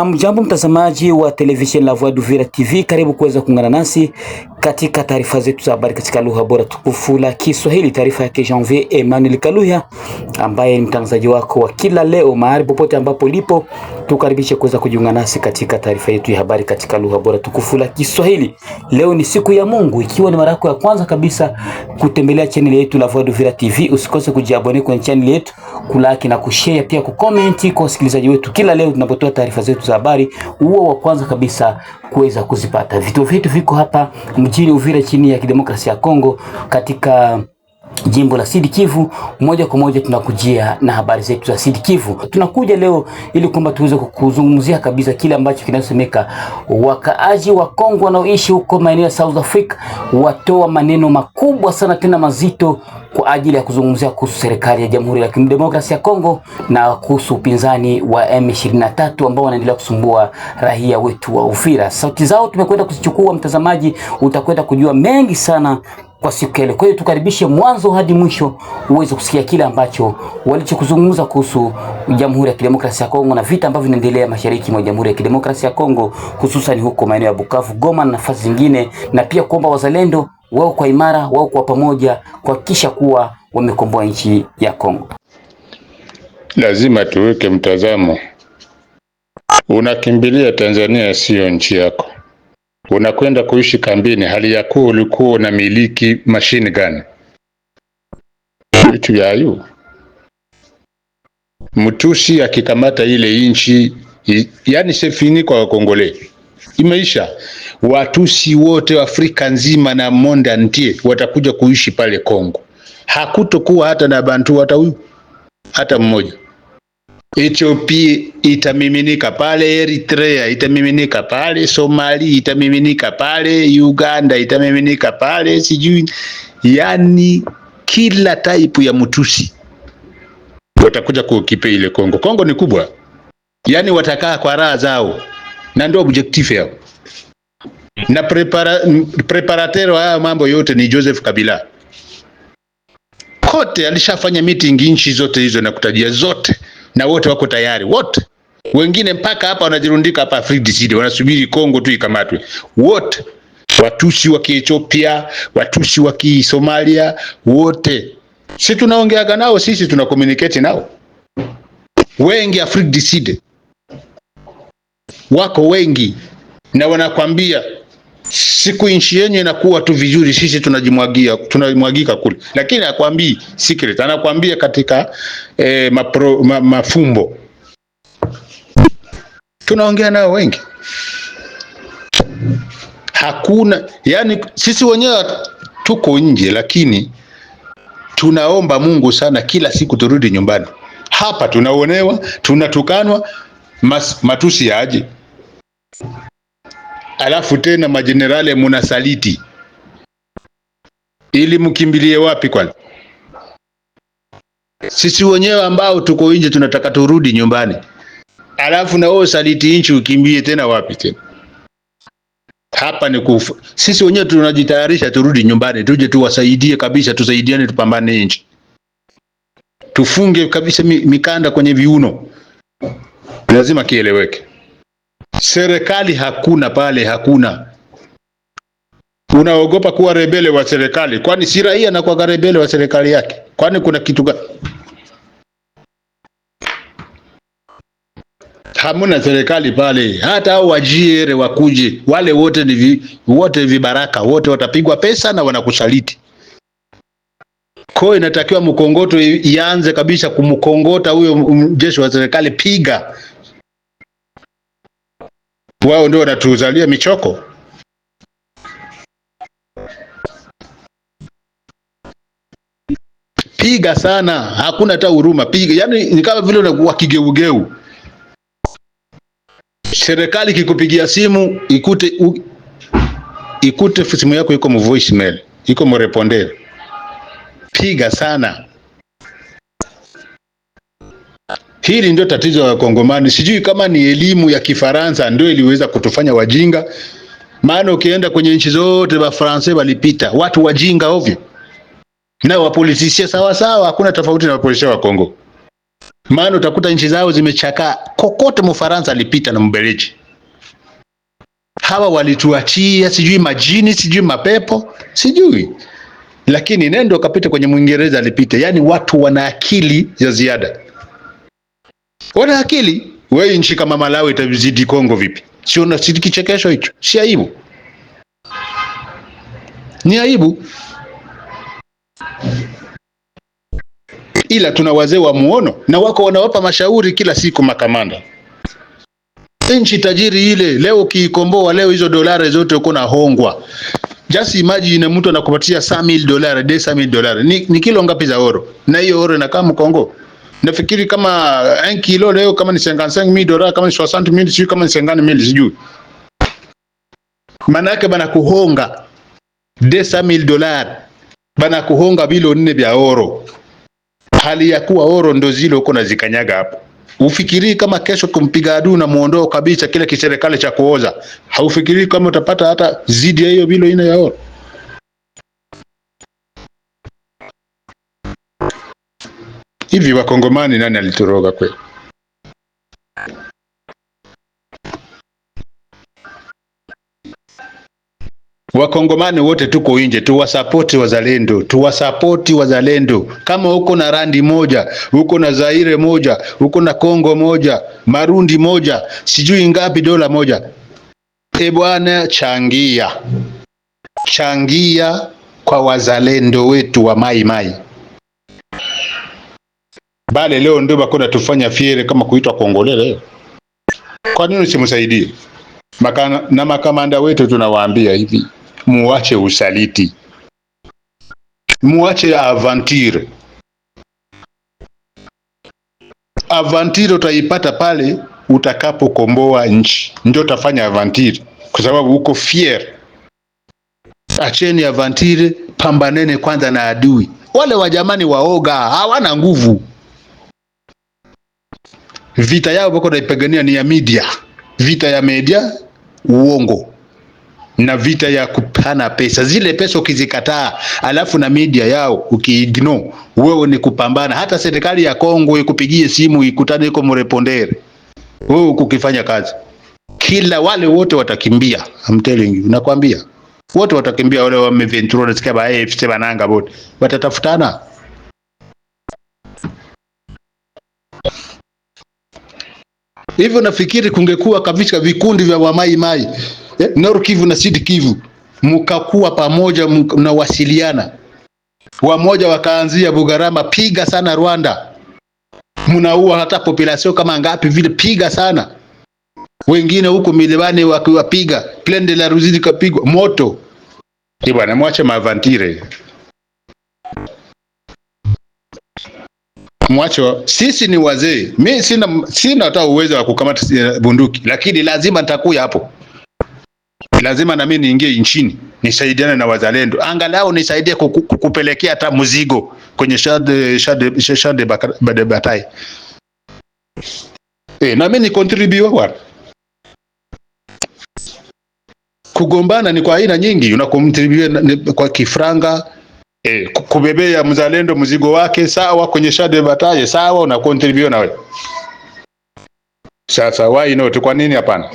Hamjambo mtazamaji wa television La Voix d'Uvira TV, karibu kuweza kuungana nasi katika taarifa zetu za habari katika lugha bora tukufu la Kiswahili. Taarifa yake Janvier Emmanuel Kaluya ambaye ni mtangazaji wako wa kila leo, mahali popote ambapo lipo, tukaribishe kuweza kujiunga nasi katika taarifa yetu ya habari katika lugha bora tukufu la Kiswahili. Leo ni siku ya Mungu. Ikiwa ni mara yako ya kwanza kabisa kutembelea channel yetu La Voix d'Uvira TV, usikose kujiabone kwenye channel yetu kulaki na kushare pia kukomenti kwa wasikilizaji wetu kila leo tunapotoa taarifa zetu za habari, huo wa kwanza kabisa kuweza kuzipata. Vituo vyetu viko hapa mjini Uvira chini ya Kidemokrasia ya Kongo katika jimbo la Sud Kivu. Moja kwa moja tunakujia na habari zetu za Sud Kivu. Tunakuja leo ili kwamba tuweze kuzungumzia kabisa kile ambacho kinasemeka. Wakaaji wa Kongo wanaoishi huko maeneo ya South Africa watoa maneno makubwa sana tena mazito kwa ajili ya kuzungumzia kuhusu serikali ya Jamhuri ya Kidemokrasia ya Kongo na kuhusu upinzani wa M23 ambao wanaendelea kusumbua raia wetu wa Uvira. Sauti zao tumekwenda kuzichukua, mtazamaji, utakwenda kujua mengi sana kwa siku ile. Kwa hiyo tukaribishe mwanzo hadi mwisho uweze kusikia kile ambacho walichokuzungumza kuhusu Jamhuri ya Kidemokrasia ya Kongo na vita ambavyo vinaendelea mashariki mwa Jamhuri ya Kidemokrasia ya Kongo, hususan huko maeneo ya Bukavu, Goma na nafasi zingine, na pia kuomba wazalendo wao kwa imara wao kwa pamoja kuhakikisha kuwa wamekomboa nchi ya Kongo. Lazima tuweke mtazamo, unakimbilia Tanzania, siyo nchi yako unakwenda kuishi kambini, hali ya kuwa ulikuwa unamiliki mashine gani? Vitu yayu mtusi akikamata ile inchi, yani sefini kwa wakongole imeisha. Watusi wote Afrika nzima na monda ntie watakuja kuishi pale Kongo, hakutokuwa hata na bantu hata hata mmoja Ethiopia itamiminika pale, Eritrea itamiminika pale, Somali itamiminika pale, Uganda itamiminika pale, sijui yani kila taipu ya mtusi watakuja kukipe ile Kongo. Kongo ni kubwa, yani watakaa kwa raha zao, na ndio objective yao na prepara, preparatero haya mambo yote ni Joseph Kabila. Kote alishafanya meeting nchi zote hizo na kutajia zote na wote wako tayari, wote wengine mpaka hapa wanajirundika hapa Afrika Kusini, wanasubiri Kongo tu ikamatwe wote, watusi wa Kiethiopia, watusi wa Kisomalia, wote si tunaongeaga nao sisi, tuna communicate nao wengi. Afrika wako wengi na wanakwambia siku nchi yenu inakuwa tu vizuri, sisi tunajimwagia tunajimwagika kule, lakini hakwambii secret, anakwambia katika eh, mapro, ma, mafumbo. Tunaongea nao wengi, hakuna yani, sisi wenyewe tuko nje, lakini tunaomba Mungu sana kila siku turudi nyumbani. Hapa tunaonewa, tunatukanwa, matusi yaje alafu tena majenerali munasaliti, ili mkimbilie wapi? Kwani sisi wenyewe ambao tuko nje tunataka turudi nyumbani, alafu na wewe saliti nchi ukimbie tena wapi? Tena hapa ni kufa. Sisi wenyewe tunajitayarisha turudi nyumbani, tuje tuwasaidie kabisa, tusaidiane, tupambane nchi, tufunge kabisa mikanda kwenye viuno, lazima kieleweke serikali hakuna pale, hakuna. Unaogopa kuwa rebele wa serikali? Kwani si raia na kwa rebele wa serikali yake? Kwani kuna kitu gani? Hamuna serikali pale, hata hao wajiere wakuje, wale wote ni vi, wote vibaraka wote watapigwa pesa na wanakusaliti. Kwa inatakiwa mkongoto ianze kabisa kumkongota huyo jeshi wa serikali, piga wao ndio wanatuzalia michoko. Piga sana, hakuna hata huruma. Piga yani, ni kama vile unakuwa kigeugeu. Serikali ikikupigia simu ikute u, ikute simu yako iko voicemail, iko mrepondeo. Piga sana. Hili ndio tatizo la Kongomani. Sijui kama ni elimu ya Kifaransa ndio iliweza kutufanya wajinga, maana ukienda kwenye nchi zote Wafransa walipita watu wajinga ovyo na wapolitisia sawa sawa, hakuna tofauti na wapolitisia wa Kongo, maana utakuta nchi zao zimechakaa kokote. Mfaransa alipita na Mbeleji, hawa walituachia sijui majini sijui mapepo sijui, lakini nendo kapita kwenye Mwingereza alipita. Yani watu wana akili ya ziada. Ona akili wewe, nchi kama Malawi itazidi Kongo vipi? Sio na kichekesho hicho, si aibu? Ni aibu. Ila tuna wazee wa muono na wako wanawapa mashauri kila siku makamanda. Nchi tajiri ile leo kiikomboa, leo hizo dolari zote uko na hongwa. Just imagine mtu anakupatia 5000 dollars, 10000 dollars. Ni, ni kilo ngapi za oro? Na hiyo oro inakaa Mkongo nafikiri kama 1 kilo leo kama ni 55000 dola, kama ni 60000 sijui, kama ni 50000 sijui. Maana yake bana kuhonga 200000 dola, bana kuhonga bilo nne vya oro, hali ya kuwa oro ndo zile uko zikanyaga hapo. Ufikiri kama kesho kumpiga adui na muondoa kabisa kile kiserikali cha kuoza, haufikiri kama utapata hata zidi ya hiyo bilo ina ya oro. hivi Wakongomani nani alituroga kweli? Wakongomani wote tuko nje, tuwasapoti wazalendo, tuwasapoti wazalendo. Kama uko na randi moja, uko na Zaire moja, uko na Kongo moja, marundi moja, sijui ngapi dola moja, e bwana, changia, changia kwa wazalendo wetu wa Mai Mai. Bale leo ndio bakona tufanya fiere kama kuitwa kongolele. Kwa nini usimsaidie? Maka, na makamanda wetu tunawaambia hivi, muache usaliti, muache avantire. Avantire utaipata pale utakapokomboa nchi, ndio utafanya avantire, kwa sababu uko fier. Acheni avantire, pambanene kwanza na adui. Wale wajamani waoga hawana nguvu vita yao bako naipigania ni ya media, vita ya media uongo na vita ya kupana pesa. Zile pesa ukizikataa, alafu na media yao ukiigno, wewe ni kupambana. Hata serikali ya Kongo ikupigie simu ikutane iko Murepondere, wewe ukifanya kazi kila, wale wote watakimbia. I'm telling you, nakwambia wote watakimbia, wale wa Ventura na sikaba AFC bananga bote watatafutana. Hivyo nafikiri kungekuwa kabisa vikundi vya Wamai Mai eh, Nord Kivu na Sud Kivu, mkakuwa pamoja, mnawasiliana wamoja, wakaanzia Bugarama, piga sana Rwanda, mnaua hata population kama ngapi vile, piga sana wengine huko milibani wakiwapiga, Plaine de la Ruzizi kapigwa moto. Bwana mwache mavantire mwacho, sisi ni wazee. Mi sina sina hata uwezo wa kukamata eh, bunduki, lakini lazima nitakuya hapo, lazima na mimi niingie nchini nisaidiane na wazalendo, angalau nisaidie kukupelekea hata mzigo kwenye shade eh, shade shade bade batai eh, na mimi ni contribute wa kugombana ni kwa aina nyingi, unakomtribute kwa kifranga E, kubebea mzalendo mzigo wake sawa, kwenye shade bataje sawa, una contribute na wewe sasa. Why not? Kwa nini hapana?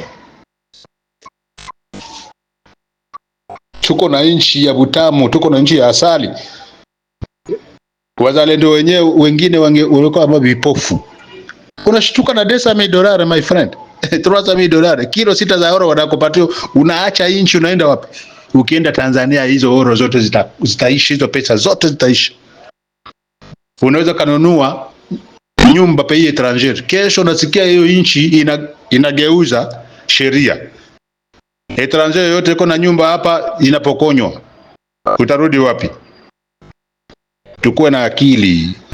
Tuko na nchi ya butamu, tuko na nchi ya asali. Wazalendo wenyewe wengine wange walikuwa kama vipofu. Unashtuka na desa mi dolari my friend, dola kilo sita za oro wanakupatia, unaacha nchi unaenda wapi? Ukienda Tanzania hizo oro zote zita, zitaishi hizo pesa zote zitaishi. Unaweza kanunua nyumba pei etranger, kesho nasikia hiyo nchi ina, inageuza sheria etranger yote iko na nyumba hapa inapokonywa, utarudi wapi? Tukuwe na akili.